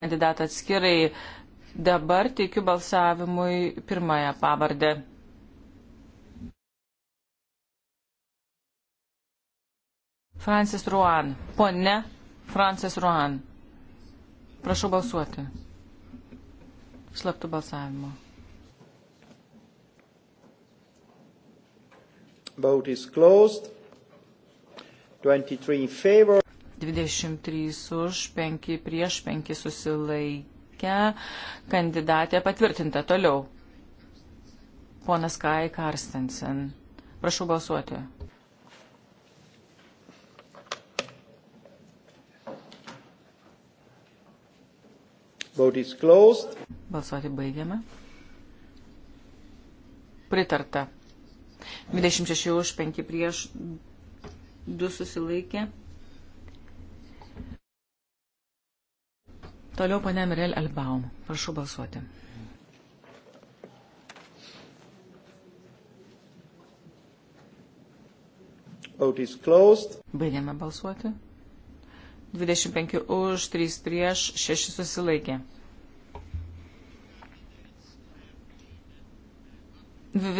kandidatą atskirai. Dabar teikiu balsavimui pirmąją pavardę. Francis Ruan. Pone Francis Ruan. Prašau balsuoti. Slaptų balsavimo. Vote is closed. 23 in favor. 23 už, 5 prieš, 5 susilaikę. Kandidatė patvirtinta. Toliau. Ponas Kai Karstensen. Prašau balsuoti. Vote is closed. Balsuoti baigiame. Pritarta. 26 už, 5 prieš, 2 susilaikė. Toliau pane Mirel Elbaum. Prašau balsuoti. Vote is closed. Baigėme balsuoti. 25 už, 3 prieš, 6 susilaikė.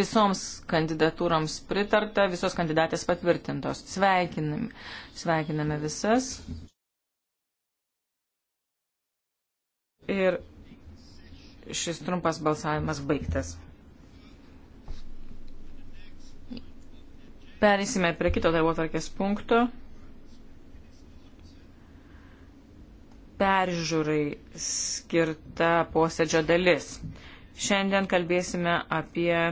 Visoms kandidatūroms pritarta, visos kandidatės patvirtintos. Sveikiname, sveikiname visas. Ir šis trumpas balsavimas baigtas. Perėsime prie kito darbo tarkės punkto. Peržiūrai skirta posėdžio dalis. Šiandien kalbėsime apie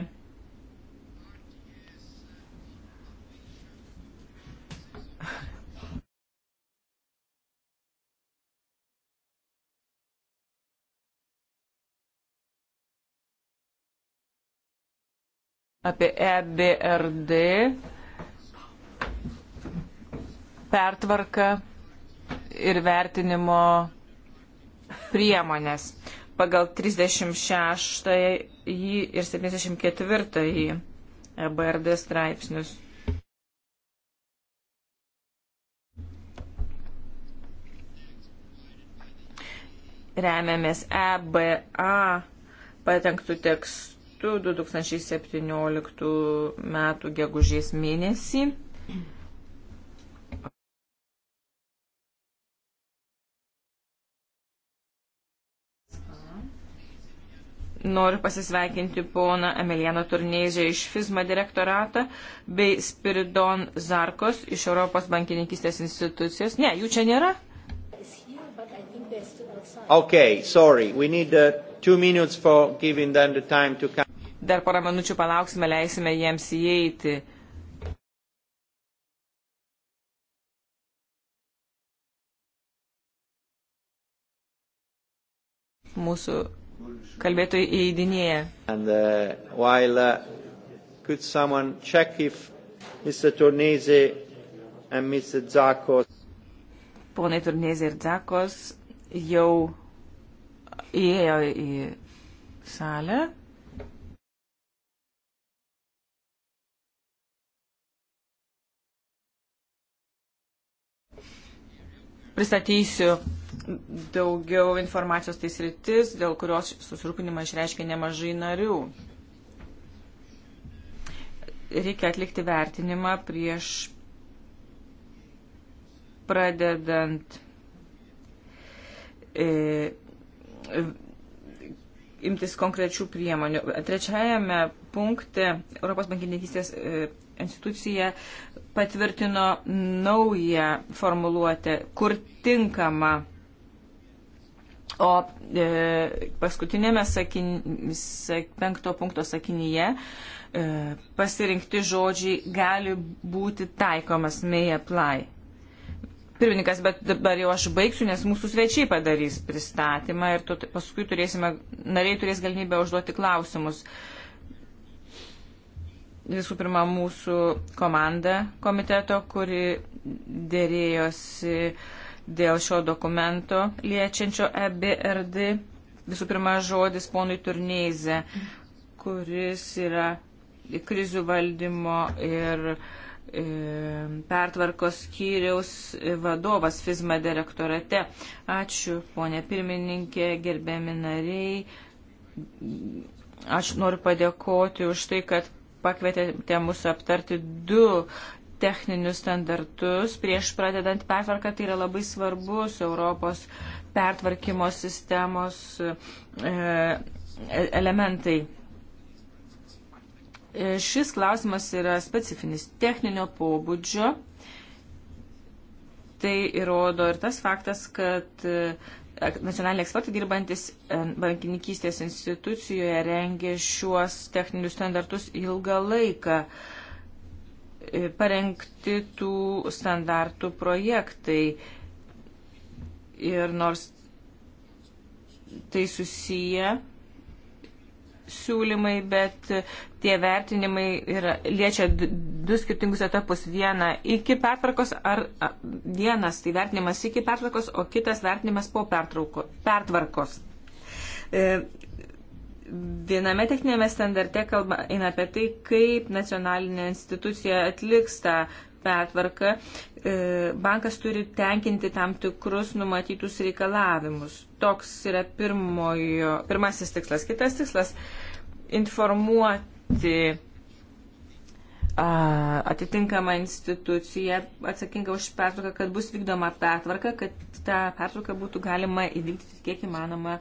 apie EBRD pertvarką ir vertinimo priemonės pagal 36 ir 74 EBRD straipsnius. Remiamės EBA patenktų tekstų 2017 metų gegužės mėnesį. Noriu pasisveikinti poną Emiliano Turnėžę iš FISMA direktoratą bei Spiridon Zarkos iš Europos bankininkistės institucijos. Ne, jų čia nėra. Okay, sorry. We need uh, two minutes for giving them the time to come dar porą minučių palauksime, leisime jiems įeiti. Mūsų kalbėtojai įeidinėja. And, uh, while, uh, could someone check if Mr. Tornese and Mr. Zakos. Ponai Tornese ir Zakos jau įėjo į salę. pristatysiu daugiau informacijos tais rytis, dėl kurios susirūpinimą išreiškia nemažai narių. Reikia atlikti vertinimą prieš pradedant e, imtis konkrečių priemonių. Trečiajame punkte Europos bankininkystės e, institucija patvirtino naują formuluotę, kur tinkama. O e, paskutinėme sakin, sak, penkto punkto sakinyje e, pasirinkti žodžiai gali būti taikomas may apply. Pirmininkas, bet dabar jau aš baigsiu, nes mūsų svečiai padarys pristatymą ir tu, paskui turėsime, nariai turės galimybę užduoti klausimus. E, visų pirma mūsų komanda komiteto, kuri dėrėjosi dėl šio dokumento liečiančio EBRD. Visų pirma, žodis ponui Turneize, kuris yra krizių valdymo ir e, pertvarkos skyriaus vadovas FISMA direktorate. Ačiū, ponė pirmininkė, gerbėmi nariai. Aš noriu padėkoti už tai, kad pakvietėte mus aptarti du techninius standartus prieš pradedant pertvarką. Tai yra labai svarbus Europos pertvarkymo sistemos e, e, elementai. E, šis klausimas yra specifinis techninio pobūdžio. Tai įrodo ir tas faktas, kad nacionaliniai ekspertai dirbantis e, bankininkystės institucijoje rengė šiuos techninius standartus ilgą laiką. E, parengti tų standartų projektai. Ir nors tai susiję siūlymai, bet tie vertinimai yra, liečia du skirtingus etapus. Vieną iki pertvarkos, ar vienas tai vertinimas iki pertvarkos, o kitas vertinimas po pertvarkos. E, viename techninėme standarte kalba eina apie tai, kaip nacionalinė institucija atliks tą pertvarka e, bankas turi tenkinti tam tikrus numatytus reikalavimus. Toks yra pirmojo, pirmasis tikslas. Kitas tikslas - informuoti atitinkama institucija atsakinga už pertvarką, kad bus vykdoma pertvarka, kad tą pertvarką būtų galima įvykdyti kiek įmanoma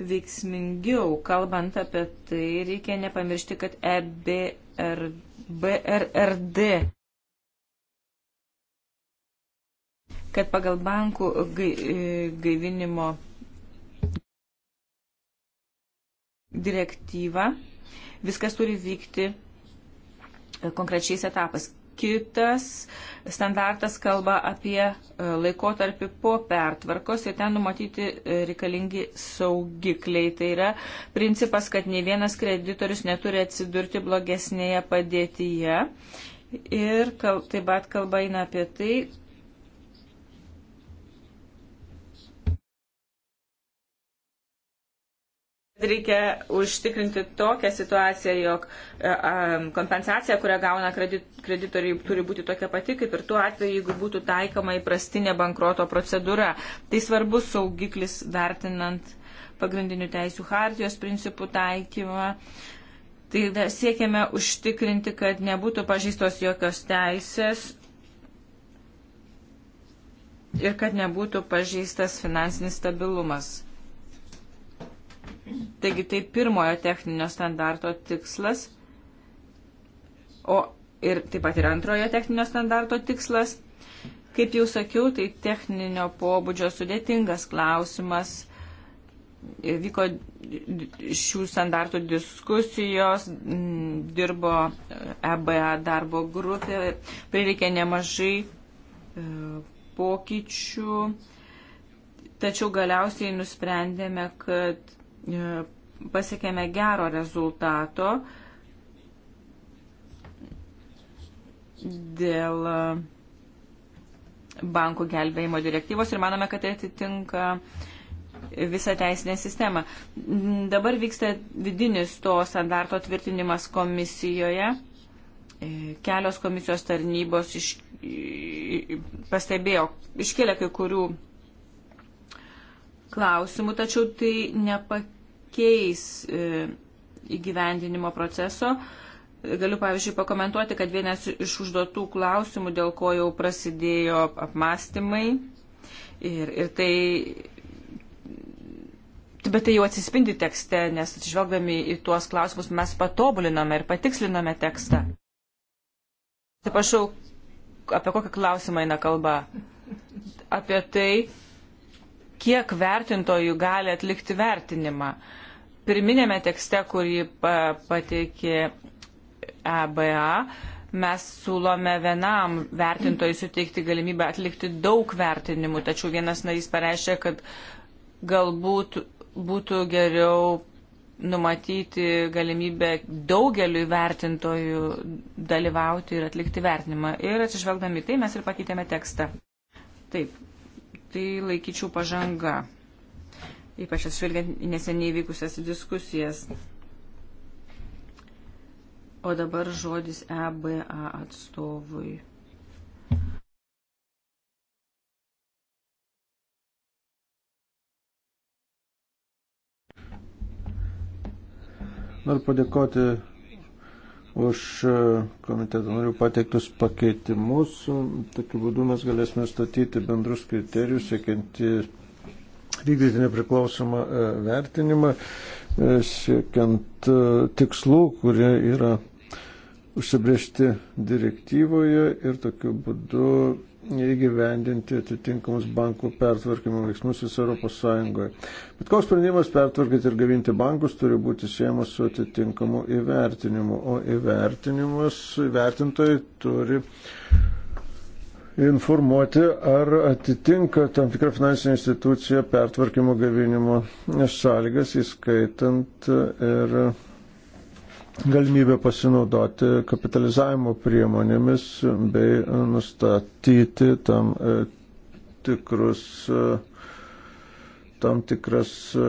veiksmingiau. Kalbant apie tai, reikia nepamiršti, kad EBRD kad pagal bankų e, gaivinimo direktyvą viskas turi vykti e, konkrečiais etapais. Kitas standartas kalba apie e, laikotarpį po pertvarkos ir ten numatyti reikalingi saugikliai. Tai yra principas, kad nei vienas kreditorius neturi atsidurti blogesnėje padėtyje. Ir kal, taip pat kalba eina apie tai, Reikia užtikrinti tokią situaciją, jog e, kompensacija, kurią gauna kreditoriai, turi būti tokia pati, kaip ir tuo atveju, jeigu būtų taikoma įprastinė bankroto procedūra. Tai svarbus saugiklis vertinant pagrindinių teisų hartijos principų taikymą. Tai siekiame užtikrinti, kad nebūtų pažįstos jokios teisės ir kad nebūtų pažįstas finansinis stabilumas. Taigi tai pirmojo techninio standarto tikslas. O ir taip pat ir antrojo techninio standarto tikslas. Kaip jau sakiau, tai techninio pobūdžio sudėtingas klausimas. Vyko šių standartų diskusijos, mm, dirbo EBA darbo grupė, prireikė nemažai e, pokyčių, tačiau galiausiai nusprendėme, kad E, pasiekėme gero rezultato dėl e, bankų gelbėjimo direktyvos ir manome, kad tai atitinka visą teisinę sistemą. Dabar vyksta vidinis to standarto tvirtinimas komisijoje. E, kelios komisijos tarnybos iš, pastebėjo, iškėlė kai kurių klausimų, tačiau tai nepak pakeis e, įgyvendinimo proceso. Galiu, pavyzdžiui, pakomentuoti, kad vienas iš užduotų klausimų, dėl ko jau prasidėjo apmastymai ir, ir tai Bet tai jau atsispindi tekste, nes atsižvelgdami į tuos klausimus mes patobulinome ir patikslinome tekstą. Atsiprašau, apie kokią klausimą eina kalba? Apie tai, kiek vertintojų gali atlikti vertinimą pirminėme tekste, kurį pateikė EBA, mes siūlome vienam vertintojui suteikti galimybę atlikti daug vertinimų, tačiau vienas narys pareiškė, kad galbūt būtų geriau numatyti galimybę daugeliu vertintojų dalyvauti ir atlikti vertinimą. Ir atsižvelgdami tai mes ir pakeitėme tekstą. Taip, tai laikyčiau pažanga ypač atsvilgiant neseniai vykusias diskusijas. O dabar žodis EBA atstovui. Noriu padėkoti už e, komiteto narių pateiktus pakeitimus. Tokiu būdu mes galėsime statyti bendrus kriterijus, siekiant e, vykdyti nepriklausomą e, vertinimą, e, siekiant e, tikslų, kurie yra užsibriežti direktyvoje ir tokiu būdu įgyvendinti atitinkamus bankų pertvarkymo veiksmus visoje Europos Sąjungoje. Bet koks sprendimas pertvarkyti ir gavinti bankus turi būti siejamas su atitinkamu įvertinimu, o įvertinimas, įvertintojai turi informuoti, ar atitinka tam tikra finansinė institucija pertvarkymo gavinimo sąlygas, įskaitant ir galimybę pasinaudoti kapitalizavimo priemonėmis bei nustatyti tam e, tikrus e, tam tikras e,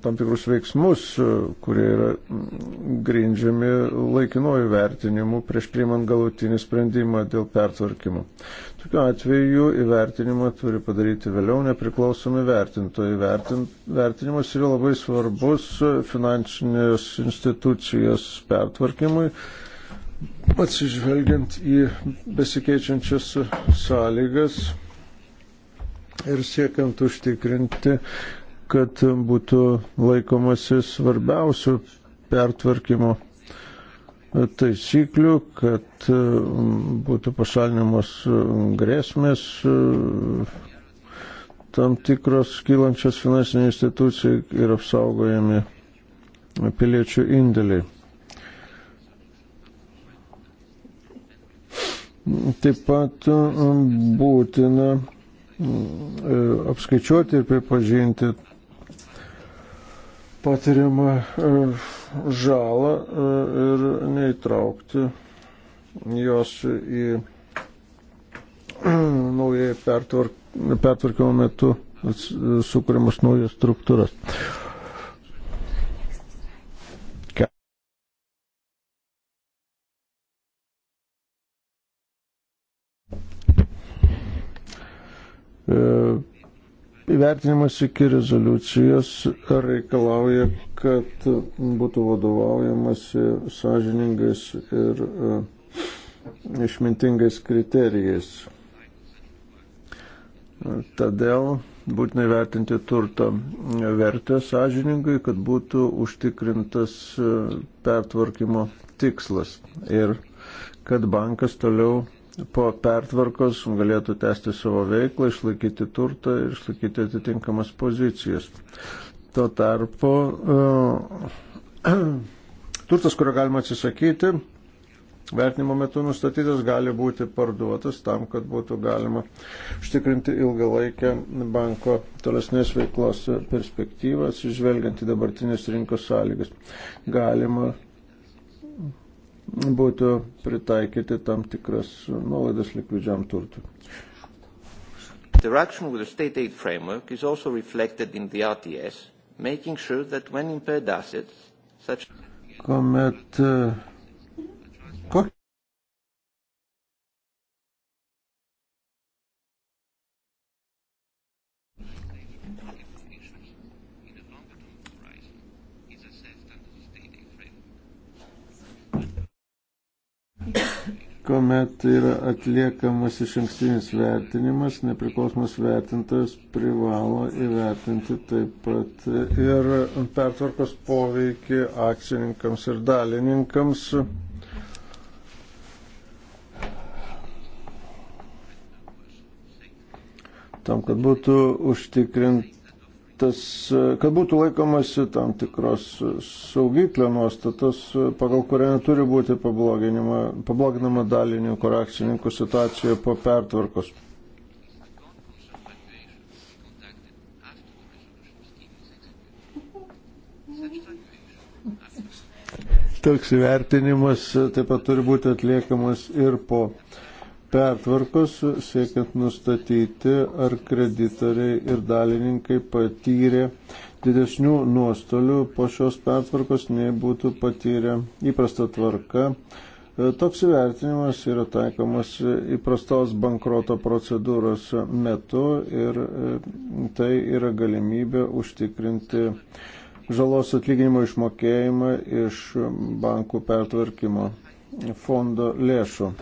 tam tikrus veiksmus, e, kurie yra grindžiami laikinuoju vertinimu prieš priimant galutinį sprendimą dėl pertvarkymo. Tokiu atveju įvertinimą turi padaryti vėliau nepriklausomi vertintojai. Vertin, vertinimas yra labai svarbus finansinės institucijos pertvarkymui atsižvelgiant į besikeičiančias sąlygas ir siekiant užtikrinti, kad būtų laikomasi svarbiausių pertvarkymo taisyklių, kad um, būtų pašalinamos um, grėsmės um, tam tikros kylančios finansiniai institucijai ir apsaugojami piliečių indėliai. Taip pat būtina apskaičiuoti ir pripažinti patiriamą e, žalą e, ir neįtraukti jos į e, naujai pertvarkymo metu sukūrimas naujas struktūras. Uh, Įvertinimas iki rezoliucijos reikalauja, kad būtų vadovaujamasi sąžiningais ir e, išmintingais kriterijais. Todėl būtina vertinti turto vertę sąžiningai, kad būtų užtikrintas e, pertvarkymo tikslas ir kad bankas toliau po pertvarkos galėtų tęsti savo veiklą, išlaikyti turtą ir išlaikyti atitinkamas pozicijas. Tuo tarpu e, turtas, kurio galima atsisakyti, vertinimo metu nustatytas gali būti parduotas tam, kad būtų galima užtikrinti ilgalaikę banko tolesnės veiklos perspektyvą, atsižvelgiant į dabartinės rinkos sąlygas. Galima būtų pritaikyti tam tikras nuolaidas likvidžiam turtui. Interaction with the state aid framework is also reflected in the RTS, making sure that when impaired assets, such Komet, uh, kuomet tai yra atliekamas iš ankstinis vertinimas, nepriklausomas vertintojas privalo įvertinti taip pat ir pertvarkos poveikį akcininkams ir dalininkams. Tam, kad būtų užtikrinti tas, kad būtų laikomasi tam tikros saugiklio nuostatos, pagal kurią neturi būti pabloginama dalininkų ir akcininkų situacija po pertvarkos. Toks įvertinimas taip pat turi būti atliekamas ir po pertvarkos, siekiant nustatyti, ar kreditoriai ir dalininkai patyrė didesnių nuostolių po šios pertvarkos, nei būtų patyrę įprasta tvarka. Toks įvertinimas yra taikomas įprastos bankroto procedūros metu ir e, tai yra galimybė užtikrinti žalos atlyginimo išmokėjimą iš bankų pertvarkymo fondo lėšų.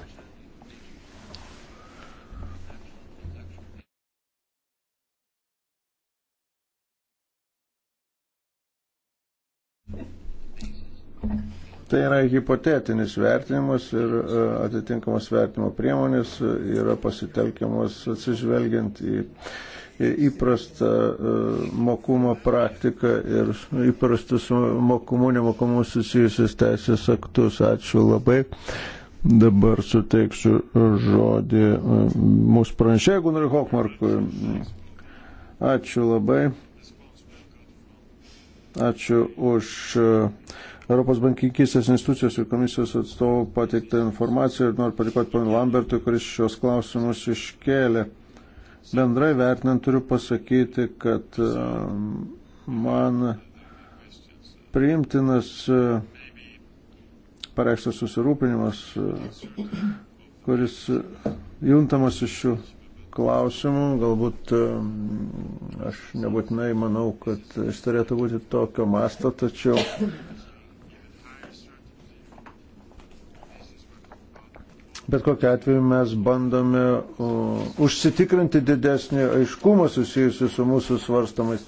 Tai yra hipotetinis vertinimas ir e, atitinkamas vertinimo priemonės e, yra pasitelkiamas atsižvelgiant į įprastą e, mokumo praktiką ir įprastus mokumų, nemokumų susijusius teisės aktus. Ačiū labai. Dabar suteiksiu žodį mūsų pranešėjai Gunarį Hokmarkui. Ačiū labai. Ačiū už uh, Europos bankininkystės institucijos ir komisijos atstovų pateiktą informaciją ir noriu padėkoti ponui Lambertui, kuris šios klausimus iškėlė. Bendrai vertinant turiu pasakyti, kad um, man priimtinas uh, pareikštas susirūpinimas, uh, kuris uh, juntamas iš šių klausimų. Galbūt um, aš nebūtinai manau, kad jis turėtų būti tokio masto, tačiau Bet kokiu atveju mes bandome uh, užsitikrinti didesnį aiškumą susijusiu su mūsų svarstamais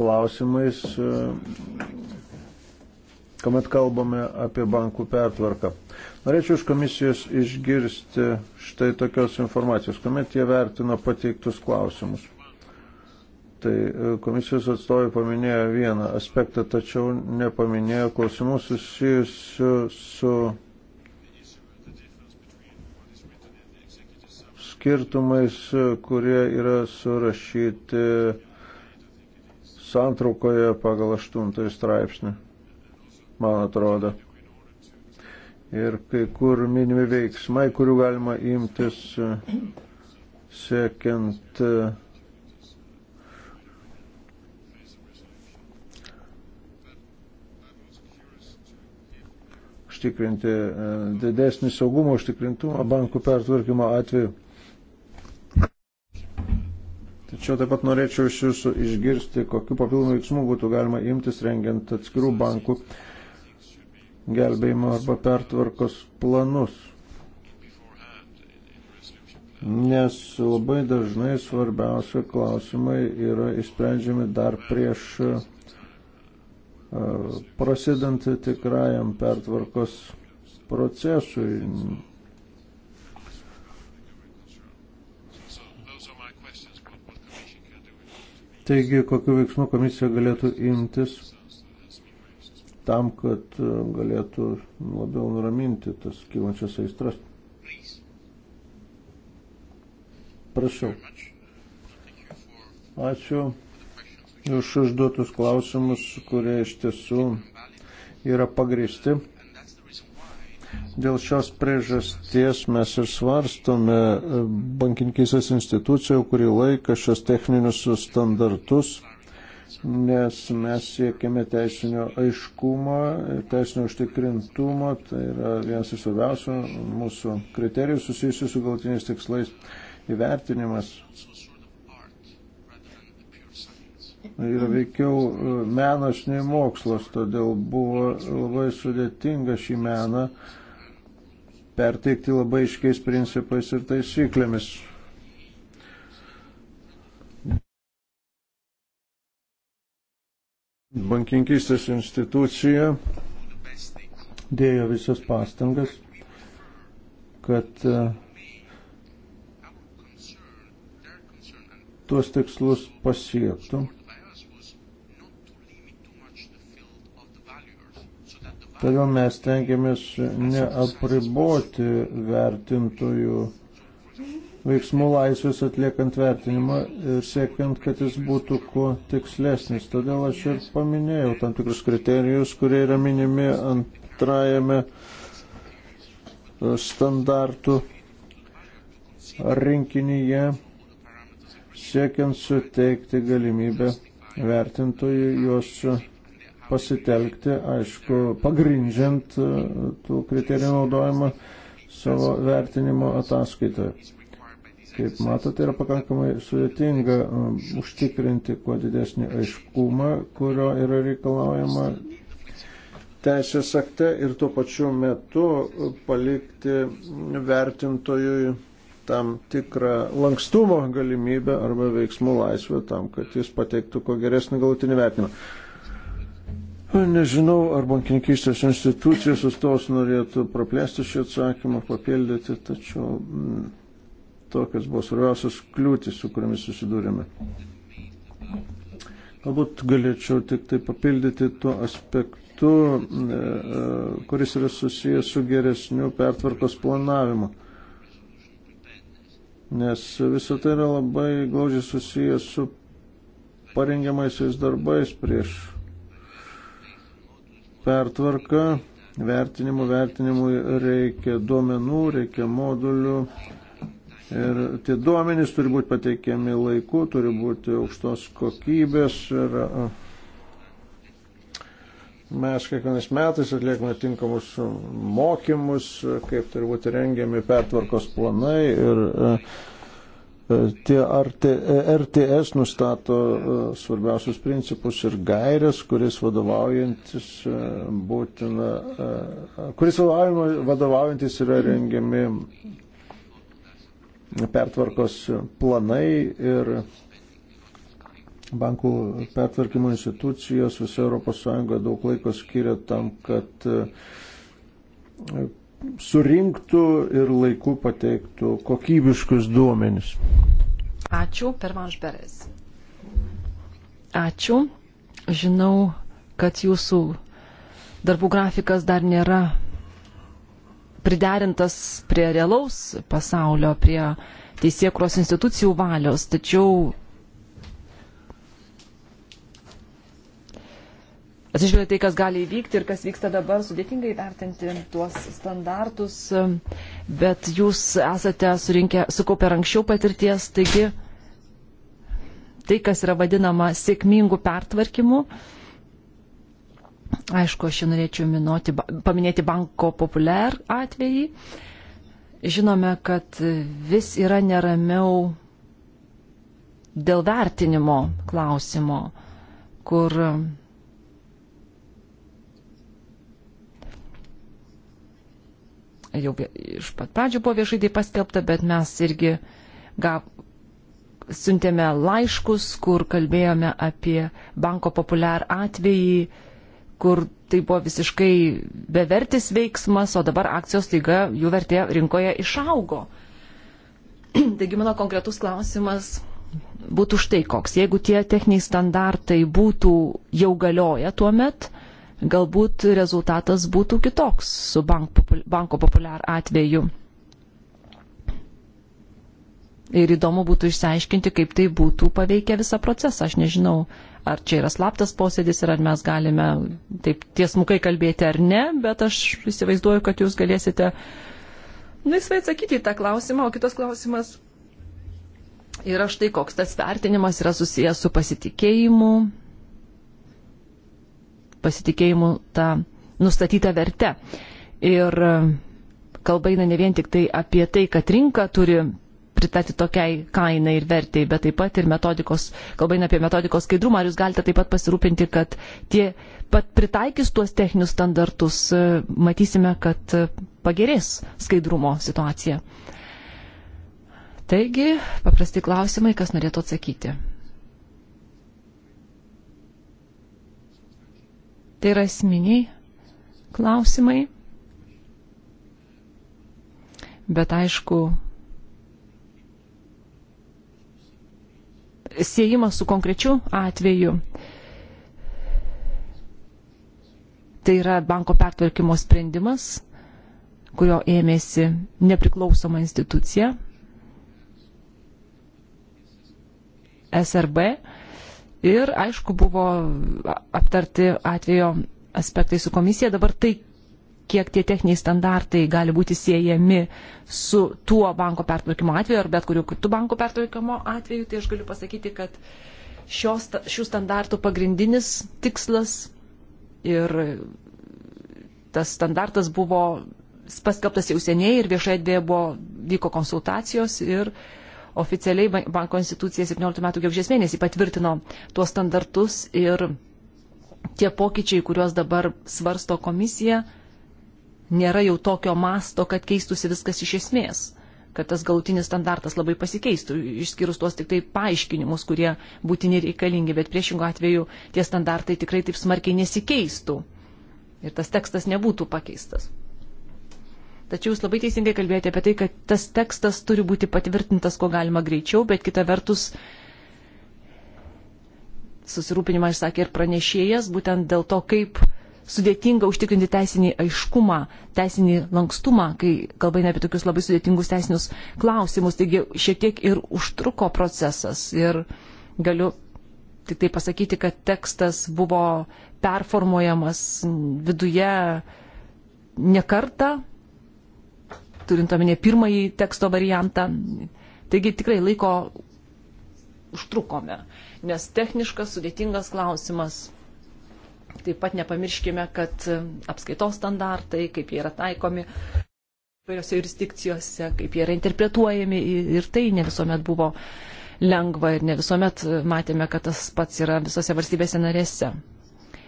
klausimais, uh, kuomet kalbame apie bankų pertvarką. Norėčiau iš komisijos išgirsti štai tokios informacijos, kuomet jie vertino pateiktus klausimus. Tai e, komisijos atstovai paminėjo vieną aspektą, tačiau nepaminėjo klausimų susijusių su. su skirtumais, kurie yra surašyti santraukoje pagal 8 straipsnį, man atrodo. Ir kai kur minimi veiksmai, kurių galima imtis siekiant užtikrinti e, didesnį saugumą, užtikrintumą bankų pertvarkymo atveju. Tačiau taip pat norėčiau iš jūsų išgirsti, kokiu papildomų veiksmų būtų galima imtis rengiant atskirų bankų gelbėjimo arba pertvarkos planus. Nes labai dažnai svarbiausia klausimai yra išsprendžiami dar prieš prasidant tikrajam pertvarkos procesui. Taigi, kokiu veiksmu komisija galėtų imtis tam, kad e, galėtų labiau nuraminti tas kylančias aistras. Prašau. Ačiū už užduotus klausimus, kurie iš tiesų yra pagristi. Dėl šios priežasties mes ir svarstome e, bankininkysės institucijų kurį laiką šios techninius standartus, nes mes siekiame teisinio aiškumo, teisinio užtikrintumo, tai yra vienas iš svarbiausių mūsų kriterijų susijusių su galtiniais tikslais įvertinimas ir veikiau e, menas nei mokslas, todėl buvo labai sudėtinga šį meną perteikti labai iškiais principais ir taisyklėmis. Bankinkistės institucija dėjo visas pastangas, kad e, tuos tikslus pasiektų. Todėl mes tengiamės neapriboti vertintojų veiksmų laisvės atliekant vertinimą ir siekiant, kad jis būtų kuo tikslesnis. Todėl aš ir paminėjau tam tikrus kriterijus, kurie yra minimi antrajame e, standartų rinkinyje, siekiant suteikti galimybę vertintojui juos pasitelkti, aišku, pagrindžiant e, tų kriterijų naudojimą savo vertinimo ataskaitoje. Kaip matote, yra pakankamai sudėtinga e, užtikrinti kuo didesnį aiškumą, kurio yra reikalaujama teisės akte ir tuo pačiu metu palikti vertintojui tam tikrą lankstumo galimybę arba veiksmų laisvę tam, kad jis pateiktų kuo geresnį galutinį vertinimą. Nežinau, ar bankininkystės institucijos sustos norėtų praplėsti šį atsakymą, papildyti, tačiau m, mm, tokias buvo svarbiausias kliūtis, su kuriamis susidūrėme. Galbūt galėčiau tik tai papildyti tuo aspektu, e, e kuris yra susijęs su geresniu pertvarkos planavimu. Nes visą tai yra labai glaudžiai susijęs su parengiamaisiais darbais prieš pertvarka, vertinimų, vertinimui reikia duomenų, reikia modulių. Ir tie duomenys turi būti pateikiami laiku, turi būti aukštos kokybės. Ir uh, mes kiekvienais metais atliekame tinkamus mokymus, kaip turi būti rengiami pertvarkos planai. Ir, uh, E, tie RTS e, nustato e, svarbiausius principus ir gairias, kuris vadovaujantis būtina, kuris vadovaujantis yra rengiami pertvarkos planai ir bankų pertvarkymo institucijos visoje ES daug laiko skiria tam, kad surinktų ir laiku pateiktų kokybiškus duomenis. Ačiū, Pervanš Beres. Ačiū. Žinau, kad jūsų darbų grafikas dar nėra priderintas prie realaus pasaulio, prie teisėkros institucijų valios, tačiau atsižvelgiant tai, kas gali įvykti ir kas vyksta dabar, sudėtingai vertinti tuos standartus, bet jūs esate surinkę, sukaupę anksčiau patirties, taigi tai, kas yra vadinama sėkmingų pertvarkymų, aišku, aš norėčiau minuoti, paminėti banko populiar atvejį. Žinome, kad vis yra neramiau dėl vertinimo klausimo, kur jau iš pat pradžių buvo viešai tai paskelbta, bet mes irgi gav, siuntėme laiškus, kur kalbėjome apie banko populiar atvejį, kur tai buvo visiškai bevertis veiksmas, o dabar akcijos taiga jų vertė rinkoje išaugo. Taigi mano konkretus klausimas būtų štai koks. Jeigu tie techniniai standartai būtų jau galioja tuo metu, galbūt rezultatas būtų kitoks su bank, banko populiar atveju. Ir įdomu būtų išsiaiškinti, kaip tai būtų paveikę visą procesą. Aš nežinau, ar čia yra slaptas posėdis ir ar mes galime taip tiesmukai kalbėti ar ne, bet aš įsivaizduoju, kad jūs galėsite laisvai atsakyti į tą klausimą, o kitas klausimas yra štai koks tas vertinimas yra susijęs su pasitikėjimu, pasitikėjimu tą nustatytą vertę. Ir e, kalba eina ne vien tik tai apie tai, kad rinka turi pritarti tokiai kainai ir vertėjai, bet taip pat ir metodikos, kalba eina apie metodikos skaidrumą, ar jūs galite taip pat pasirūpinti, kad tie pat pritaikys tuos techninius standartus, e, matysime, kad e, pagerės skaidrumo situacija. Taigi, paprasti klausimai, kas norėtų atsakyti. Tai yra asmeniai klausimai. Bet aišku, siejimas su konkrečiu atveju tai yra banko pertvarkymo sprendimas, kurio ėmėsi nepriklausoma institucija SRB Ir, aišku, buvo aptarti atvejo aspektai su komisija. Dabar tai, kiek tie techniniai standartai gali būti siejami su tuo banko pertvarkymo atveju ar bet kuriuo kitų banko pertvarkymo atveju, tai aš galiu pasakyti, kad šios, šių standartų pagrindinis tikslas ir tas standartas buvo paskelbtas jau seniai ir viešai dviejo buvo, vyko konsultacijos ir uh, oficialiai banko institucija 17 metų gegužės mėnesį patvirtino tuos standartus ir tie pokyčiai, kuriuos dabar svarsto komisija, nėra jau tokio masto, kad keistųsi viskas iš esmės kad tas galutinis standartas labai pasikeistų, išskyrus tuos tik tai paaiškinimus, kurie būtini reikalingi, bet priešingų atveju tie standartai tikrai taip smarkiai nesikeistų ir tas tekstas nebūtų pakeistas. Tačiau jūs labai teisingai kalbėjote apie tai, kad tas tekstas turi būti patvirtintas, ko galima greičiau, bet kita vertus susirūpinimą išsakė ir pranešėjas, būtent dėl to, kaip sudėtinga užtikrinti teisinį aiškumą, teisinį lankstumą, kai kalba eina apie tokius labai sudėtingus teisinius klausimus. Taigi šiek tiek ir užtruko procesas ir galiu tik tai pasakyti, kad tekstas buvo performuojamas viduje nekarta turint omenyje pirmąjį teksto variantą. Taigi tikrai laiko užtrukome, nes techniškas, sudėtingas klausimas. Taip pat nepamirškime, kad apskaitos standartai, kaip jie yra taikomi įvairiose jurisdikcijose, kaip jie yra interpretuojami ir tai ne visuomet buvo lengva ir ne visuomet matėme, kad tas pats yra visose valstybėse narėse.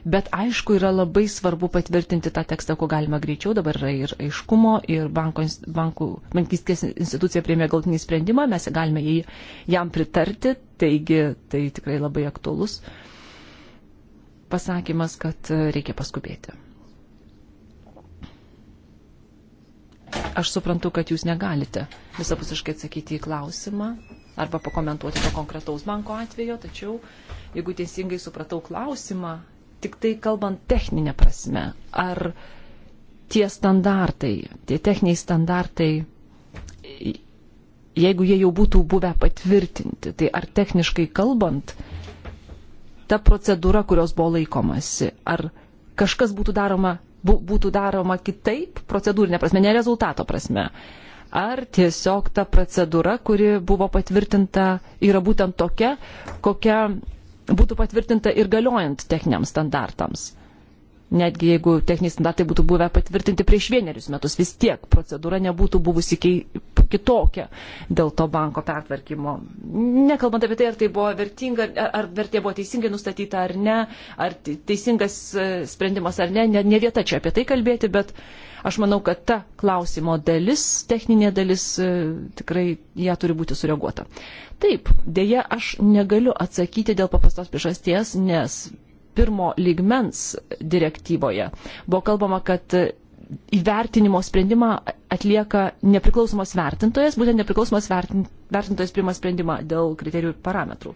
Bet aišku, yra labai svarbu patvirtinti tą tekstą, kuo galima greičiau. Dabar yra ir aiškumo, ir banko, bankų, bankystės institucija priemė galtinį sprendimą, mes galime jį, jam pritarti, taigi tai tikrai labai aktuolus pasakymas, kad reikia paskubėti. Aš suprantu, kad jūs negalite visapusiškai atsakyti į klausimą arba pakomentuoti to konkretaus banko atvejo, tačiau jeigu teisingai supratau klausimą, tik tai kalbant techninę prasme, ar tie standartai, tie techniniai standartai, jeigu jie jau būtų buvę patvirtinti, tai ar techniškai kalbant, ta procedūra, kurios buvo laikomasi, ar kažkas būtų daroma, būtų daroma kitaip, procedūrinė prasme, ne rezultato prasme, ar tiesiog ta procedūra, kuri buvo patvirtinta, yra būtent tokia, kokia būtų patvirtinta ir galiojant techniniams standartams. Netgi jeigu techniniai standartai būtų buvę patvirtinti prieš vienerius metus, vis tiek procedūra nebūtų buvusi kitokia dėl to banko pertvarkymo. Nekalbant apie tai, ar tai buvo vertinga, ar vertė buvo teisingai nustatyta ar ne, ar teisingas e, sprendimas ar ne, ne, ne vieta čia apie tai kalbėti, bet uh, Aš manau, kad ta klausimo dalis, techninė dalis, e, tikrai ją turi būti sureaguota. Taip, dėja, aš negaliu atsakyti dėl paprastos priežasties, nes pirmo lygmens direktyvoje buvo kalbama, kad įvertinimo sprendimą atlieka nepriklausomas vertintojas, būtent nepriklausomas vertintojas priima sprendimą dėl kriterijų ir parametrų.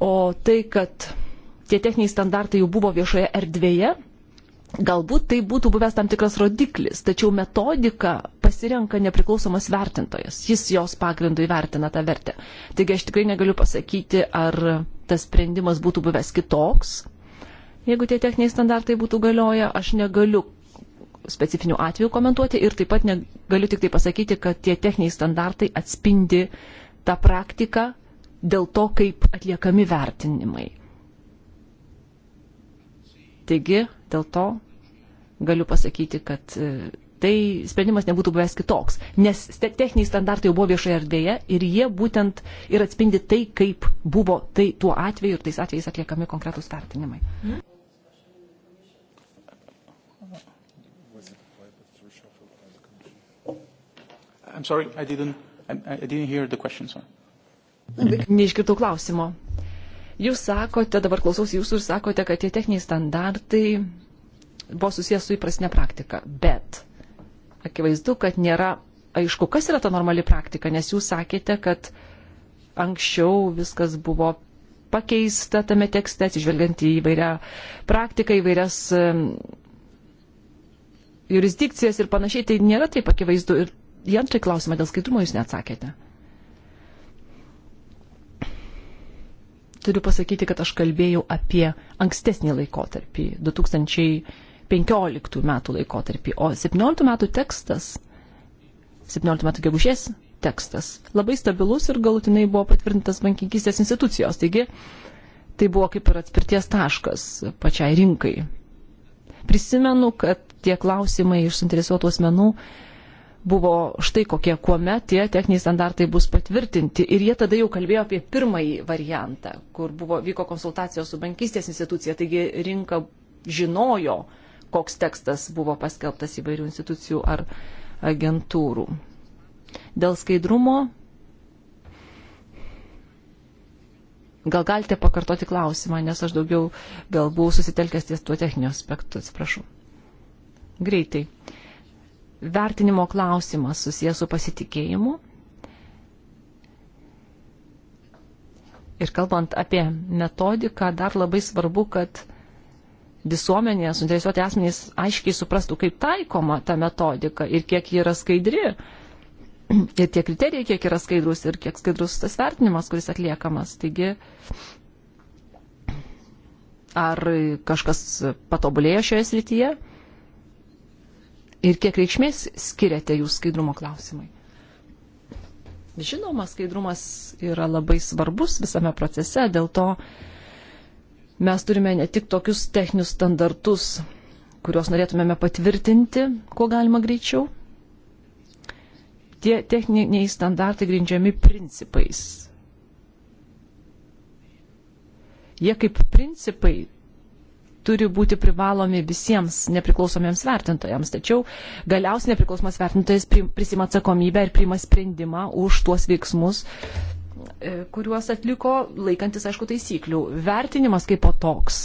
O tai, kad tie techniniai standartai jau buvo viešoje erdvėje, Galbūt tai būtų buvęs tam tikras rodiklis, tačiau metodiką pasirenka nepriklausomas vertintojas. Jis jos pagrindu įvertina tą vertę. Taigi aš tikrai negaliu pasakyti, ar tas sprendimas būtų buvęs kitoks, jeigu tie techniniai standartai būtų galioja. Aš negaliu specifinių atvejų komentuoti ir taip pat negaliu tik tai pasakyti, kad tie techniniai standartai atspindi tą praktiką dėl to, kaip atliekami vertinimai. Taigi, Dėl to galiu pasakyti, kad e, tai sprendimas nebūtų buvęs kitoks, nes techniniai standartai jau buvo viešoje erdvėje ir jie būtent ir atspindi tai, kaip buvo tai tuo atveju ir tais atvejais atliekami konkretūs vertinimai. Mm. I'm sorry, I didn't, I didn't hear the question, sorry. Neišgirdau klausimo. Jūs sakote, dabar klausausi jūsų ir sakote, kad tie techniniai standartai buvo susijęs su įprastinė praktika, bet akivaizdu, kad nėra aišku, kas yra ta normali praktika, nes jūs sakėte, kad anksčiau viskas buvo pakeista tame tekste, atsižvelgiant į įvairią praktiką, įvairias jurisdikcijas ir panašiai, tai nėra taip akivaizdu. Ir į antrąjį klausimą dėl skaidrumo jūs neatsakėte. turiu pasakyti, kad aš kalbėjau apie ankstesnį laikotarpį, 2015 metų laikotarpį, o 17 metų tekstas, 17 metų gegužės tekstas labai stabilus ir galutinai buvo patvirtintas bankininkystės institucijos. Taigi tai buvo kaip ir atspirties taškas pačiai rinkai. Prisimenu, kad tie klausimai iš suinteresuotų asmenų buvo štai kokie, kuomet tie techniniai standartai bus patvirtinti. Ir jie tada jau kalbėjo apie pirmąjį variantą, kur buvo, vyko konsultacijos su bankystės institucija, taigi rinka žinojo, koks tekstas buvo paskelbtas įvairių institucijų ar agentūrų. Dėl skaidrumo. Gal galite pakartoti klausimą, nes aš daugiau gal buvau susitelkęs ties tuo techniniu aspektu, atsiprašau. Greitai. Uh, vertinimo klausimas susijęs su pasitikėjimu. Ir kalbant apie metodiką, dar labai svarbu, kad visuomenė, suinteresuoti asmenys aiškiai suprastų, kaip taikoma ta metodika ir kiek ji yra skaidri. Ir tie kriterijai, kiek yra skaidrus ir kiek skaidrus tas vertinimas, kuris atliekamas. Taigi, ar kažkas patobulėjo šioje srityje? ir kiek reikšmės skiriate jūs skaidrumo klausimai? Žinoma, skaidrumas yra labai svarbus visame procese, dėl to mes turime ne tik tokius techninius standartus, kuriuos norėtumėme patvirtinti, kuo galima greičiau. Tie techniniai standartai grindžiami principais. Jie kaip principai turi būti privalomi visiems nepriklausomiems vertintojams. Tačiau galiausiai nepriklausomas vertintojas prisima atsakomybę ir priima sprendimą už tuos veiksmus, e, kuriuos atliko laikantis, aišku, taisyklių. Vertinimas kaip po toks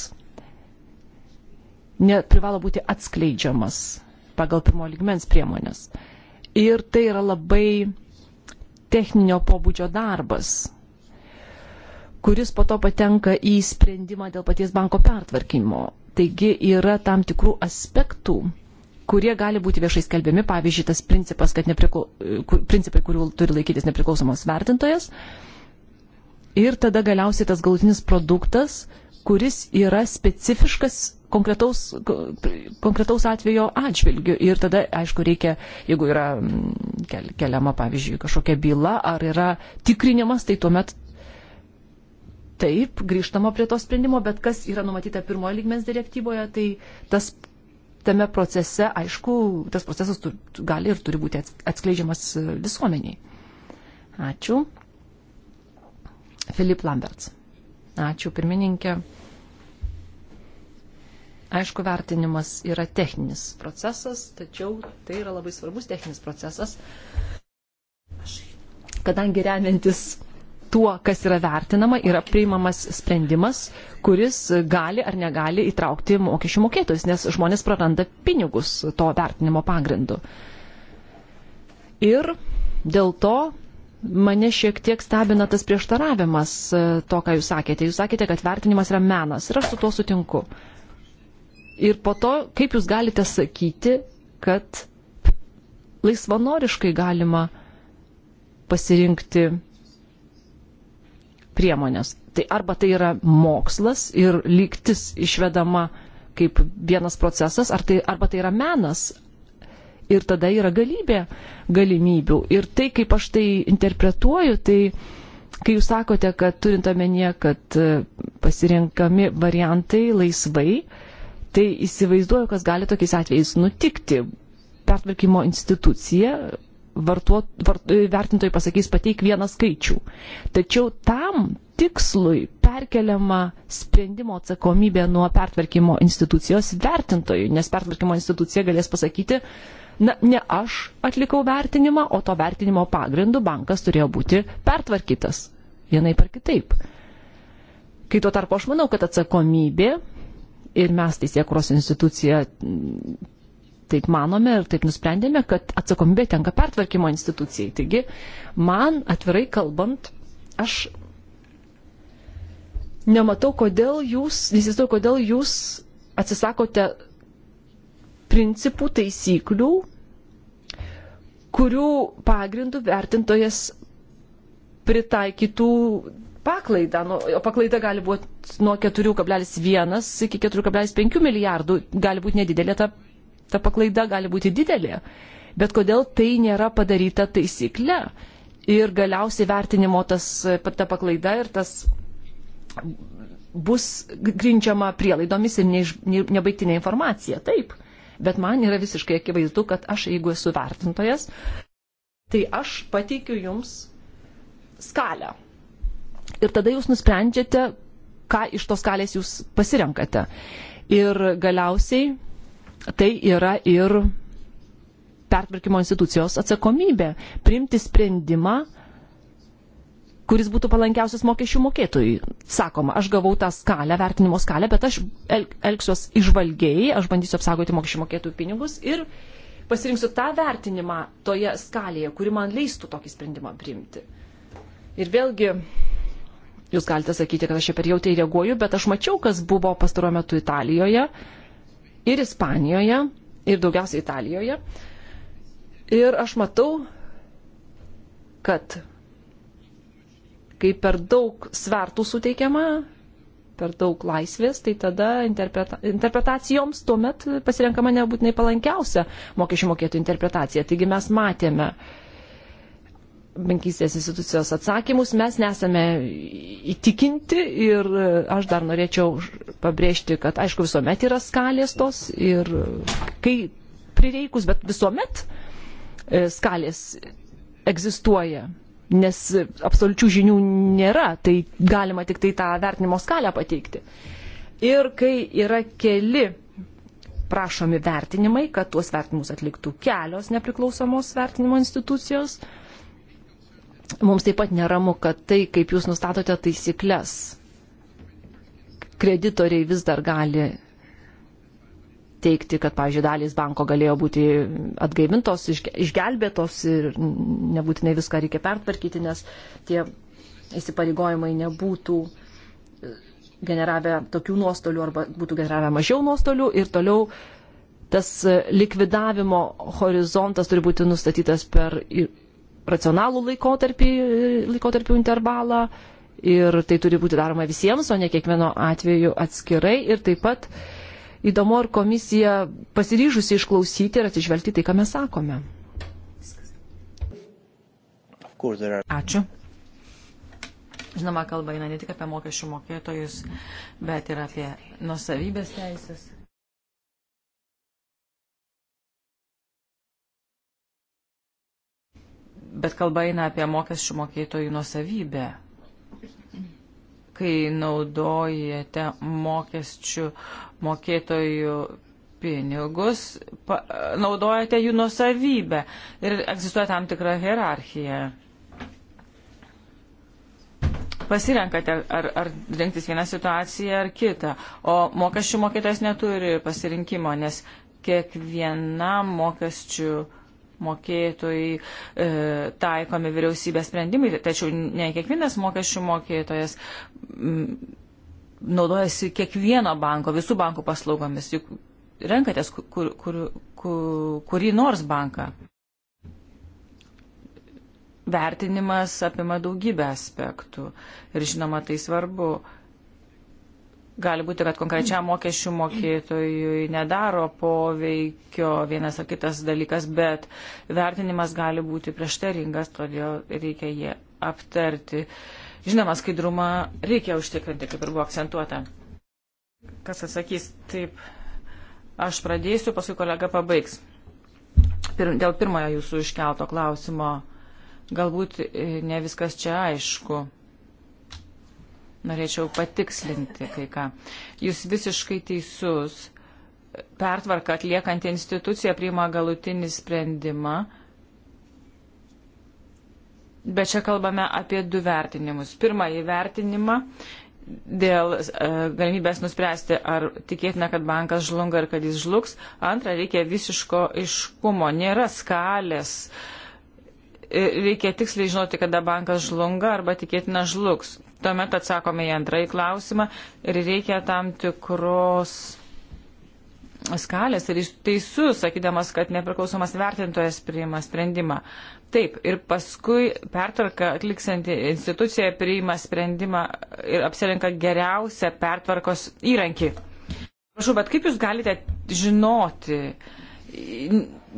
neprivalo būti atskleidžiamas pagal pirmo ligmens priemonės. Ir tai yra labai techninio pobūdžio darbas kuris po to patenka į sprendimą dėl paties banko pertvarkymo. Taigi yra tam tikrų aspektų, kurie gali būti viešai skelbiami, pavyzdžiui, tas principas, kad nepriklau... principai, kurių turi laikytis nepriklausomos vertintojas. Ir tada galiausiai tas galutinis produktas, kuris yra specifiškas konkretaus, konkretaus atvejo atžvilgiu. Ir tada, aišku, reikia, jeigu yra mm, keliama, pavyzdžiui, kažkokia byla ar yra tikrinimas, tai tuomet Taip, grįžtama prie to sprendimo, bet kas yra numatyta pirmojo lygmens direktyvoje, tai tas tame procese, aišku, tas procesas tur, gali ir turi būti atskleidžiamas e, visuomeniai. Ačiū. Filip Lamberts. Ačiū, pirmininkė. Aišku, vertinimas yra techninis procesas, tačiau tai yra labai svarbus techninis procesas, kadangi remiantis tuo, kas yra vertinama, yra priimamas sprendimas, kuris gali ar negali įtraukti mokesčių mokėtojus, nes žmonės praranda pinigus to vertinimo pagrindu. Ir dėl to mane šiek tiek stebina tas prieštaravimas e, to, ką jūs sakėte. Jūs sakėte, kad vertinimas yra menas ir aš su tuo sutinku. Ir po to, kaip jūs galite sakyti, kad laisvanoriškai galima pasirinkti priemonės. Tai arba tai yra mokslas ir lygtis išvedama kaip vienas procesas, ar tai, arba tai yra menas. Ir tada yra galybė galimybių. Ir tai, kaip aš tai interpretuoju, tai kai jūs sakote, kad turint omenyje, kad e, pasirinkami variantai laisvai, tai įsivaizduoju, kas gali tokiais atvejais nutikti. Pertvarkymo institucija vartuot, vart, e, vertintojai pasakys pateik vieną skaičių. Tačiau tam tikslui perkeliama sprendimo atsakomybė nuo pertvarkymo institucijos vertintojų, nes pertvarkymo institucija galės pasakyti, na, ne aš atlikau vertinimą, o to vertinimo pagrindu bankas turėjo būti pertvarkytas vienai par kitaip. Kai tuo tarpu aš manau, kad atsakomybė ir mes teisėkuros institucija taip manome ir taip nusprendėme, kad atsakomybė tenka pertvarkymo institucijai. Taigi, man atvirai kalbant, aš nematau, kodėl jūs, nesistau, kodėl jūs atsisakote principų, taisyklių, kurių pagrindų vertintojas pritaikytų paklaidą. Nu, o paklaida gali būti nuo 4,1 iki 4,5 milijardų, gali būti nedidelė ta ta paklaida gali būti didelė, bet kodėl tai nėra padaryta taisykle. Ir galiausiai vertinimo tas, ta paklaida ir tas bus grindžiama prielaidomis ir neiš, ne, nebaigtinė informacija. Taip, bet man yra visiškai akivaizdu, kad aš, jeigu esu vertintojas, tai aš pateikiu jums skalę. Ir tada jūs nusprendžiate, ką iš tos skalės jūs pasirenkate. Ir galiausiai tai yra ir pertvarkymo institucijos atsakomybė priimti sprendimą, kuris būtų palankiausias mokesčių mokėtojui. Sakoma, aš gavau tą skalę, vertinimo skalę, bet aš el elgsiuos išvalgiai, aš bandysiu apsaugoti mokesčių mokėtojų pinigus ir pasirinksiu tą vertinimą toje skalėje, kuri man leistų tokį sprendimą priimti. Ir vėlgi, jūs galite sakyti, kad aš čia per jautriai reaguoju, bet aš mačiau, kas buvo pastaruoju metu Italijoje. Uh, ir Ispanijoje, ir daugiausiai Italijoje. Ir aš matau, kad kai per daug svertų suteikiama, per daug laisvės, tai tada interpreta interpretacijoms tuomet pasirenkama nebūtinai palankiausia mokesčių mokėtų interpretacija. Taigi mes matėme uh, bankystės institucijos atsakymus. Mes nesame įtikinti ir e, aš dar norėčiau pabrėžti, kad aišku visuomet yra skalės tos ir kai prireikus, bet visuomet e, skalės egzistuoja, nes absoliučių žinių nėra, tai galima tik tai tą vertinimo skalę pateikti. Ir kai yra keli prašomi vertinimai, kad tuos vertinimus atliktų kelios nepriklausomos vertinimo institucijos, Mums taip pat neramu, kad tai, kaip jūs nustatote taisyklės, kreditoriai vis dar gali teikti, kad, pavyzdžiui, dalys banko galėjo būti atgaivintos, išgelbėtos ir nebūtinai viską reikia pertvarkyti, nes tie įsipareigojimai nebūtų e, generavę tokių nuostolių arba būtų generavę mažiau nuostolių ir toliau tas likvidavimo horizontas turi būti nustatytas per racionalų laikotarpį, laikotarpių intervalą ir tai turi būti daroma visiems, o ne kiekvieno atveju atskirai. Ir taip pat įdomu, ar komisija pasiryžusi išklausyti ir atsižvelgti tai, ką mes sakome. Ačiū. Žinoma, kalba eina ne tik apie mokesčių mokėtojus, bet ir apie nusavybės teisės. bet kalba eina apie mokesčių mokėtojų nuosavybę. Kai naudojate mokesčių mokėtojų pinigus, pa, naudojate jų nuosavybę ir egzistuoja tam tikra hierarchija. Pasirenkate ar, ar rinktis vieną situaciją ar kitą, o mokesčių mokėtojas neturi pasirinkimo, nes kiekviena mokesčių mokėtoja mokėtojai e, taikomi vyriausybės sprendimai, tačiau ne kiekvienas mokesčių mokėtojas m, naudojasi kiekvieno banko, visų bankų paslaugomis. Juk renkatės kur, kur, kur, kurį nors banką. Vertinimas apima daugybę aspektų ir žinoma tai svarbu gali būti, kad konkrečiam mokesčių mokėtojui nedaro poveikio vienas ar kitas dalykas, bet vertinimas gali būti prieštaringas, todėl reikia jį aptarti. Žinoma, skaidrumą reikia užtikrinti, kaip ir buvo akcentuota. Kas atsakys, taip, aš pradėsiu, paskui kolega pabaigs. Pir, dėl pirmojo jūsų iškelto klausimo, galbūt e, ne viskas čia aišku norėčiau patikslinti kai ką. Jūs visiškai teisus. Pertvarka atliekanti institucija priima galutinį sprendimą. Bet čia kalbame apie du vertinimus. Pirmąjį vertinimą dėl e, galimybės nuspręsti, ar tikėtina, kad bankas žlunga ir kad jis žlugs. Antra, reikia visiško iškumo. Nėra skalės. E, E, reikia tiksliai žinoti, kada bankas žlunga arba tikėtina žlugs. Tuomet atsakome į antrąjį klausimą ir reikia tam tikros skalės ir tai jis teisus, sakydamas, kad nepriklausomas vertintojas priima sprendimą. Taip, ir paskui pertvarką atliksanti institucija priima sprendimą ir apsirenka geriausią pertvarkos įrankį. Prašau, bet kaip jūs galite žinoti, uh,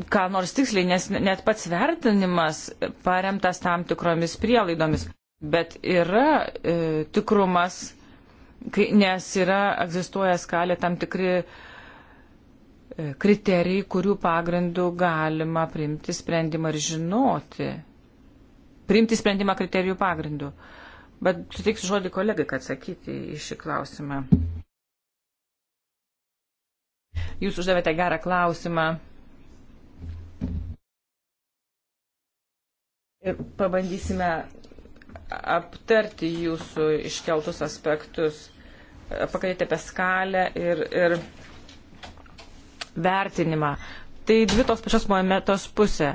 ką nors tiksliai, nes net pats vertinimas paremtas tam tikromis prielaidomis. Bet yra e, tikrumas, kai, nes yra, egzistuoja skalė tam tikri e, kriterijai, kurių pagrindų galima priimti sprendimą ir žinoti. Priimti sprendimą kriterijų pagrindų. Bet suteiksiu žodį kolegai, kad atsakyti į šį klausimą. Jūs uždavėte gerą klausimą. Ir pabandysime aptarti jūsų iškeltus aspektus, pakalbėti apie skalę ir, ir vertinimą. Tai dvi tos pačios monetos pusė,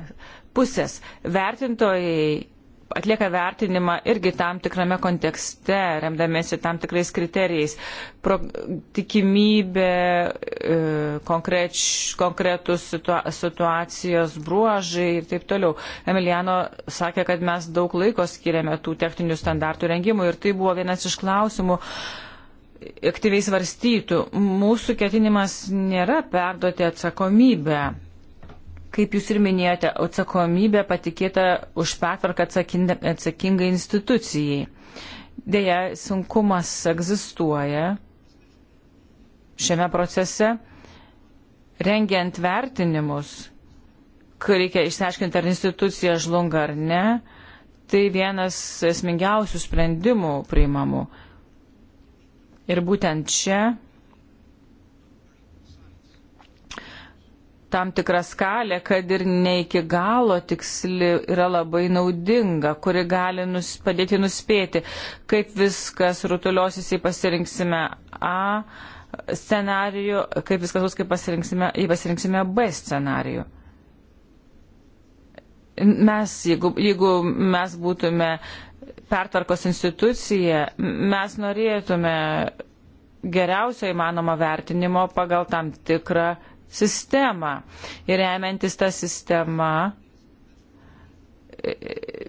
pusės. Vertintojai atlieka vertinimą irgi tam tikrame kontekste, remdamėsi tam tikrais kriterijais. Pro, tikimybė, e, konkreč, konkretus situa, situacijos bruožai ir taip toliau. Emiliano sakė, kad mes daug laiko skiriame tų techninių standartų rengimui ir tai buvo vienas iš klausimų aktyviai svarstytų. Mūsų ketinimas nėra perduoti atsakomybę kaip jūs ir minėjote, atsakomybė patikėta už pertvarką atsakingai institucijai. Deja, sunkumas egzistuoja šiame procese, rengiant vertinimus, kai reikia išsiaiškinti, ar institucija žlunga ar ne, tai vienas esmingiausių sprendimų priimamų. Ir būtent čia tam tikra skalė, kad ir ne iki galo tiksli, yra labai naudinga, kuri gali nus, padėti nuspėti, kaip viskas rutuliosis, jei pasirinksime A scenarijų, kaip viskas bus, kaip pasirinksime, jei pasirinksime B scenarijų. Mes, jeigu, jeigu mes būtume pertvarkos institucija, mes norėtume geriausio įmanomo vertinimo pagal tam tikrą sistemą. Ir remiantis tą sistemą, e, e,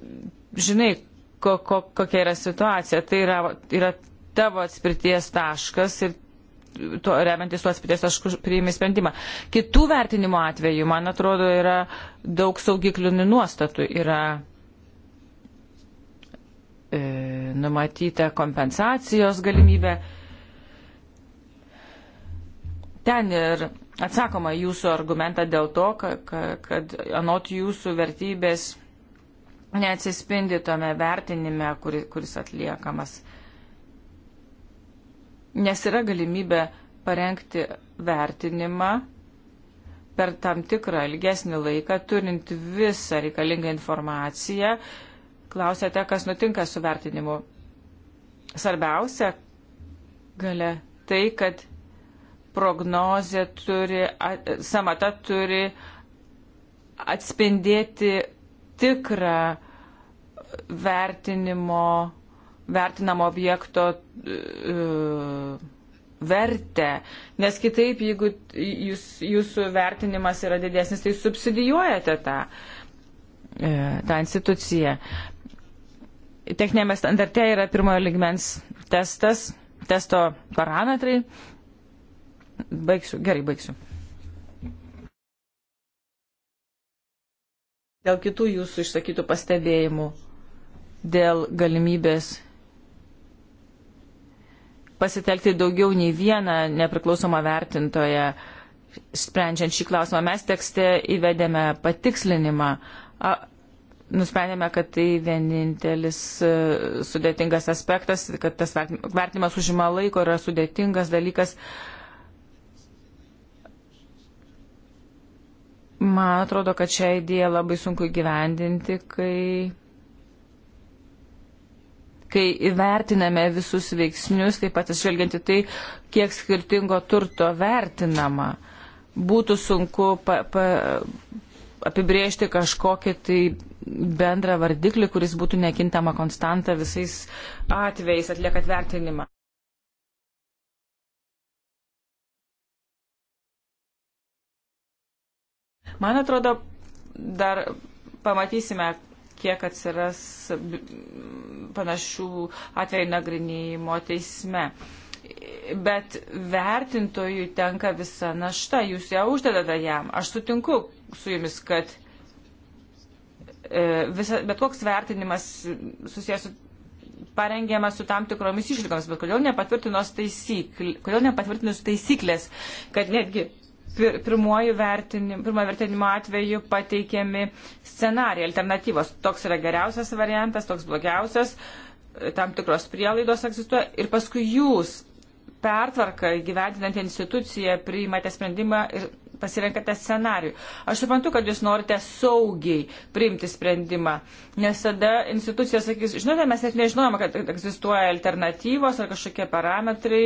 žinai, ko, ko, kokia yra situacija. Tai yra, yra tavo atspirties taškas ir to, remiantis tuo atspirties tašku priimi sprendimą. Kitų vertinimo atveju, man atrodo, yra daug saugiklinių nuostatų. Yra e, numatyta kompensacijos galimybė. Ten ir atsakoma jūsų argumentą dėl to, kad, kad anot jūsų vertybės neatsispindi tome vertinime, kuris, kuris atliekamas. Nes yra galimybė parengti vertinimą per tam tikrą ilgesnį laiką, turint visą reikalingą informaciją. Klausėte, kas nutinka su vertinimu. Svarbiausia gale tai, kad prognozė turi, samata turi atspindėti tikrą vertinimo, vertinamo objekto uh, vertę, nes kitaip, jeigu jūs, jūsų vertinimas yra didesnis, tai subsidijuojate tą, uh, tą instituciją. Techninėme standarte yra pirmojo ligmens testas, testo parametrai Baigsiu, gerai, baigsiu. Dėl kitų jūsų išsakytų pastebėjimų, dėl galimybės pasitelkti daugiau nei vieną nepriklausomą vertintoją, sprendžiant šį klausimą. Mes tekste įvedėme patikslinimą. A, nusprendėme, kad tai vienintelis e, sudėtingas aspektas, kad tas vertinimas užima laiko yra sudėtingas dalykas. Uh, Man atrodo, kad šią idėją labai sunku gyvendinti, kai, kai įvertiname visus veiksnius, taip pat išvelgianti tai, kiek skirtingo turto vertinama. Būtų sunku pa, pa, apibriežti kažkokį tai bendrą vardiklį, kuris būtų nekintama konstanta visais atvejais atliekant vertinimą. Man atrodo, dar pamatysime, kiek atsiras panašių atvejų nagrinėjimo teisme. Bet vertintojui tenka visa našta, jūs ją uždedate jam. Aš sutinku su jumis, kad e, visa, bet koks vertinimas susijęs su parengiamas su tam tikromis išlygomis, bet kodėl nepatvirtinus, taisykl, kodėl nepatvirtinus taisyklės, kad netgi pirmuoju vertinimu, pirmo vertinimo atveju pateikiami scenarijai, alternatyvos. Toks yra geriausias variantas, toks blogiausias, tam tikros prielaidos egzistuoja ir paskui jūs pertvarką įgyvendinant instituciją priimate sprendimą ir pasirenkate scenarių. Aš suprantu, kad jūs norite saugiai priimti sprendimą, nes tada institucija sakys, žinote, mes net nežinojame, kad egzistuoja alternatyvos ar kažkokie parametrai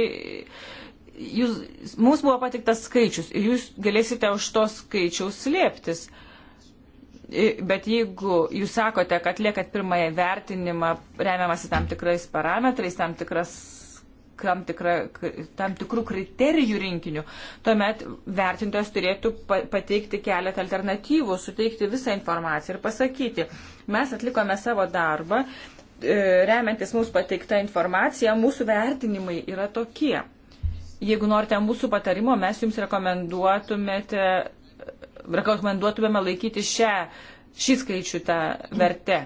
jūs, mums buvo patiktas skaičius ir jūs galėsite už to skaičiaus slėptis. Bet jeigu jūs sakote, kad liekat pirmąją vertinimą remiamasi tam tikrais parametrais, tam, tikras, tam, tikra, tam tikrų kriterijų rinkiniu, tuomet vertintojas turėtų pateikti keletą alternatyvų, suteikti visą informaciją ir pasakyti, mes atlikome savo darbą, e, remiantis mums pateikta informacija, mūsų vertinimai yra tokie Jeigu norite mūsų patarimo, mes jums rekomenduotumėte, rekomenduotumėme laikyti šią, šį skaičių tą vertę.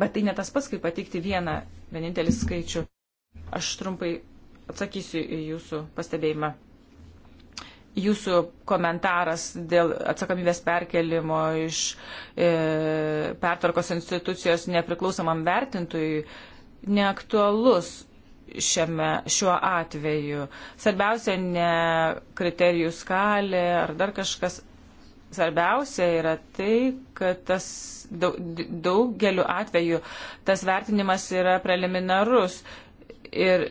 Bet tai ne tas pats, kaip patikti vieną vienintelį skaičių. Aš trumpai atsakysiu į jūsų pastebėjimą. Jūsų komentaras dėl atsakomybės perkelimo iš e, pertvarkos institucijos nepriklausomam vertintojui neaktualus šiame, šiuo atveju. Svarbiausia ne kriterijų skalė ar dar kažkas. Svarbiausia yra tai, kad tas daug, daugeliu atveju tas vertinimas yra preliminarus ir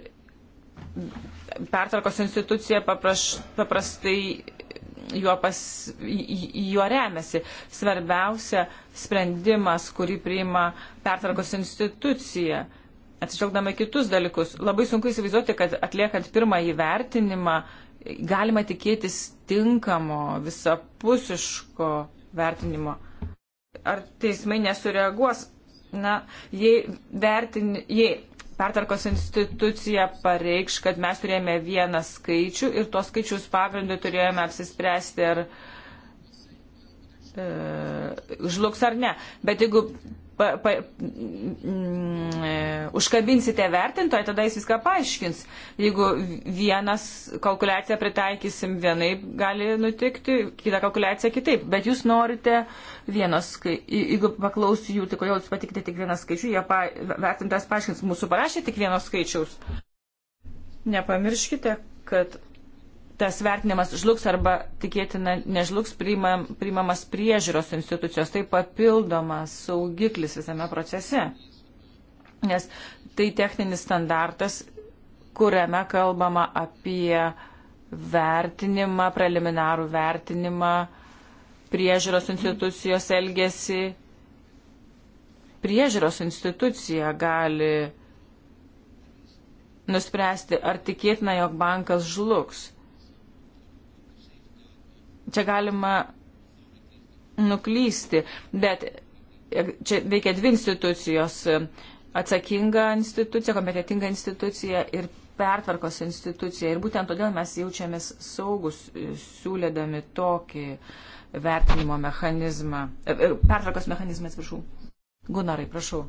pertvarkos institucija papraš, paprastai juo, pas, juo remiasi. Svarbiausia sprendimas, kurį priima pertvarkos institucija. Mhm atsižvelgdama kitus dalykus. Labai sunku įsivaizduoti, kad atliekant pirmąjį vertinimą galima tikėtis tinkamo, visapusiško vertinimo. Ar teismai nesureaguos? Na, jei, vertin, jei pertarkos institucija pareikš, kad mes turėjome vieną skaičių ir tos skaičius pagrindų turėjome apsispręsti, ar e, žlugs ar ne. Bet jeigu pa, pa, mm, e, užkabinsite vertintoje, tada jis viską paaiškins. Jeigu vienas kalkulaciją pritaikysim vienai, gali nutikti, kita kalkulacija kitaip. Bet jūs norite vienos, kai, jeigu paklausiu jų, tai kodėl jūs patikite tik vieną skaičių, jie pa, vertintas paaiškins, mūsų parašė tik vienos skaičiaus. Nepamirškite, kad tas vertinimas žlugs arba tikėtina nežlugs priimam, priimamas priežiūros institucijos, tai papildomas saugiklis visame procese. Nes tai techninis standartas, kuriame kalbama apie vertinimą, preliminarų vertinimą, priežiūros institucijos elgesi. Priežiūros institucija gali nuspręsti, ar tikėtina, jog bankas žlugs čia galima nuklysti, bet čia veikia dvi institucijos - atsakinga institucija, kompetitinga institucija ir pertvarkos institucija. Ir būtent todėl mes jaučiamės saugus siūlėdami tokį vertinimo mechanizmą, e, e, pertvarkos mechanizmą, atsiprašau. Gunarai, prašau.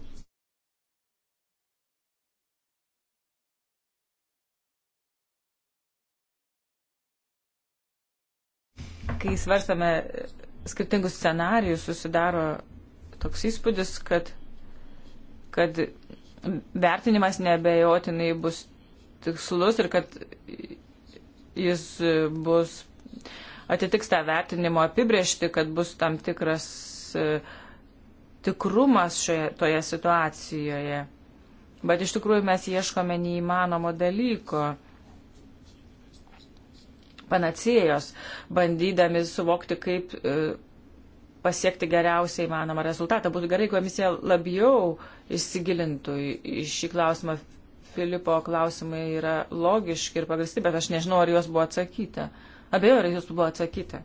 kai svarstame skirtingus scenarijus, susidaro toks įspūdis, kad, kad vertinimas nebejotinai bus tikslus ir kad jis bus atitiks tą vertinimo apibriešti, kad bus tam tikras e, tikrumas šioje, toje situacijoje. Bet iš tikrųjų mes ieškome neįmanomo dalyko panacėjos, bandydami suvokti, kaip e, pasiekti geriausiai įmanomą rezultatą. Būtų gerai, jeigu komisija labiau įsigilintų į šį klausimą. Filipo klausimai yra logiški ir pagristi, bet aš nežinau, ar juos buvo atsakyta. Abejo, ar juos buvo atsakyta.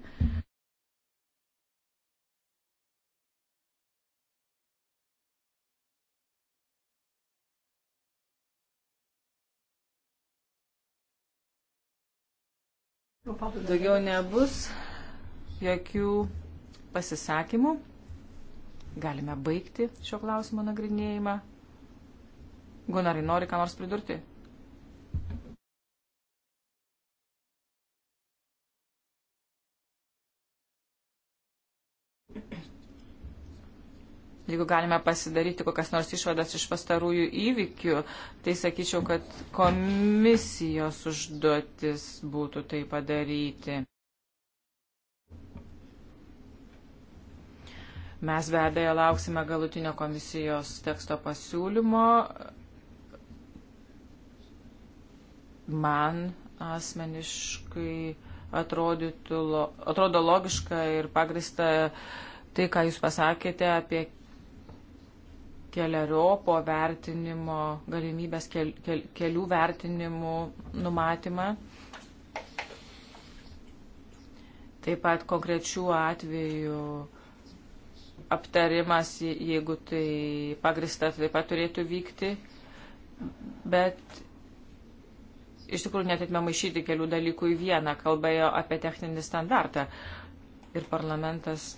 Daugiau nebus jokių pasisakymų. Galime baigti šio klausimo nagrinėjimą. Gunarai, nori ką nors pridurti? jeigu galime pasidaryti kokias nors išvadas iš pastarųjų įvykių, tai sakyčiau, kad komisijos užduotis būtų tai padaryti. Mes be abejo lauksime galutinio komisijos teksto pasiūlymo. Man asmeniškai atrodytų, atrodo logiška ir pagrista tai, ką Jūs pasakėte apie keliariopo vertinimo galimybės, kel, kel, kelių vertinimų numatymą. Taip pat konkrečių atvejų aptarimas, jeigu tai pagrista, tai taip pat turėtų vykti. Bet iš tikrųjų netitme maišyti kelių dalykų į vieną, kalbėjo apie techninį standartą. Ir parlamentas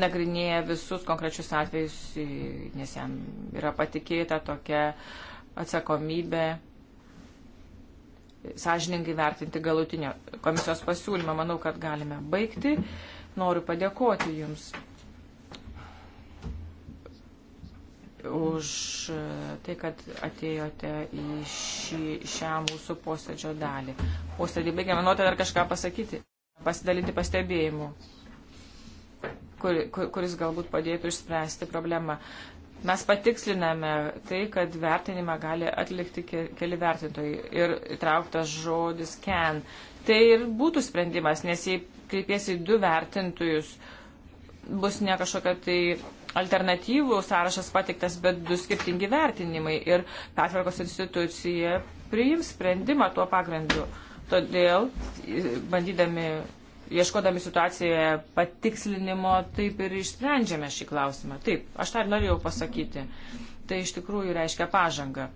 nagrinėja visus konkrečius atvejus, nes jam yra patikėta tokia atsakomybė sąžiningai vertinti galutinio komisijos pasiūlymą. Manau, kad galime baigti. Noriu padėkoti Jums už tai, kad atėjote į šį, šią mūsų posėdžio dalį. Posėdį baigiame, norite dar kažką pasakyti, pasidalinti pastebėjimu kur, kur, kuris galbūt padėtų išspręsti problemą. Mes patiksliname tai, kad vertinimą gali atlikti keli vertintojai ir įtrauktas žodis can. Tai ir būtų sprendimas, nes jei kreipiesi į du vertintojus, bus ne kažkokia tai alternatyvų sąrašas patiktas, bet du skirtingi vertinimai ir pertvarkos institucija priims sprendimą tuo pagrindu. Todėl, bandydami ieškodami situacijoje patikslinimo, taip ir išsprendžiame šį klausimą. Taip, aš tą ir norėjau pasakyti. Tai iš tikrųjų reiškia pažangą.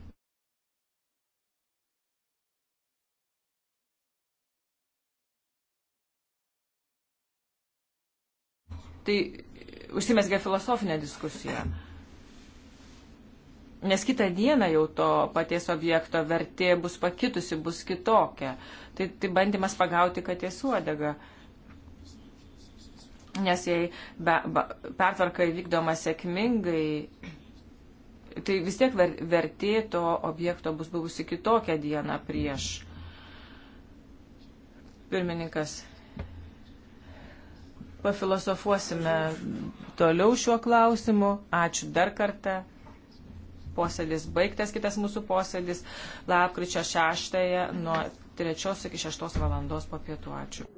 Tai užsimesgia filosofinė diskusija. Nes kitą dieną jau to paties objekto vertė bus pakitusi, bus kitokia. Tai, tai bandymas pagauti katės uodegą. Uh, Nes jei be, be, pertvarka įvykdoma sėkmingai, tai vis tiek ver, vertė to objekto bus buvusi kitokią dieną prieš. Pirmininkas, pafilosofuosime toliau šiuo klausimu. Ačiū dar kartą. Posėdis baigtas, kitas mūsų posėdis lapkričio 6 nuo 3 iki 6 valandos po pietų. Ačiū.